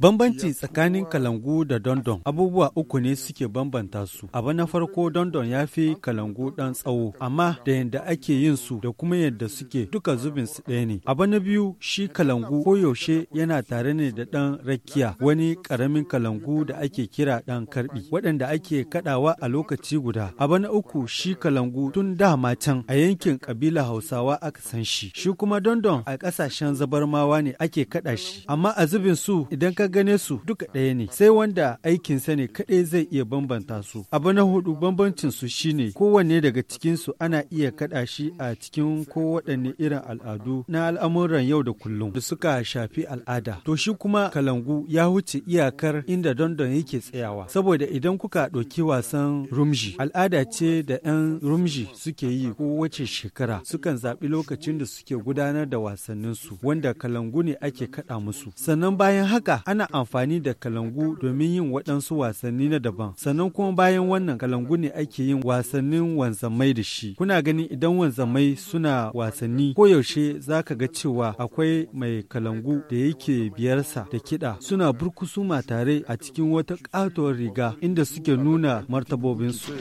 Bambanci tsakanin kalangu da dondon abubuwa uku ne suke bambanta su. Abu na farko dondon ya fi kalangu ɗan tsawo, amma da yadda ake yin su da kuma yadda suke duka zubin su ɗaya ne. Abu na biyu shi kalangu koyaushe yana tare ne da ɗan rakiya wani ƙaramin kalangu da ake kira ɗan karbi waɗanda ake kaɗawa a lokaci guda. Abu na uku shi kalangu tun dama can a yankin ƙabila Hausawa aka san shi. Shi kuma dondon a ƙasashen zabarmawa ne ake kaɗa shi amma a zubin su idan ka gane su duka ɗaya ne sai wanda aikin sa ne kaɗai zai iya bambanta su abu na hudu bambancin su shine kowanne daga cikin su ana iya kaɗa shi a cikin ko waɗanne irin al'adu na al'amuran yau da kullum da suka shafi al'ada to shi kuma kalangu ya wuce iyakar inda dandon yake tsayawa saboda idan kuka ɗauki wasan rumji al'ada ce da 'yan rumji suke yi ko wace shekara sukan zaɓi lokacin da suke gudanar da wasanninsu wanda kalangu ne ake kaɗa kaɗa musu. Sannan bayan haka ana amfani da kalangu domin yin waɗansu wasanni na daban. Sannan kuma bayan wannan kalangu ne ake yin wasannin wanzamai da shi. Kuna ganin idan wanzamai suna wasanni koyaushe za ka ga cewa akwai mai kalangu da yake biyarsa da kiɗa suna burkusuma tare a cikin wata ƙatuwar riga inda suke nuna martabobinsu.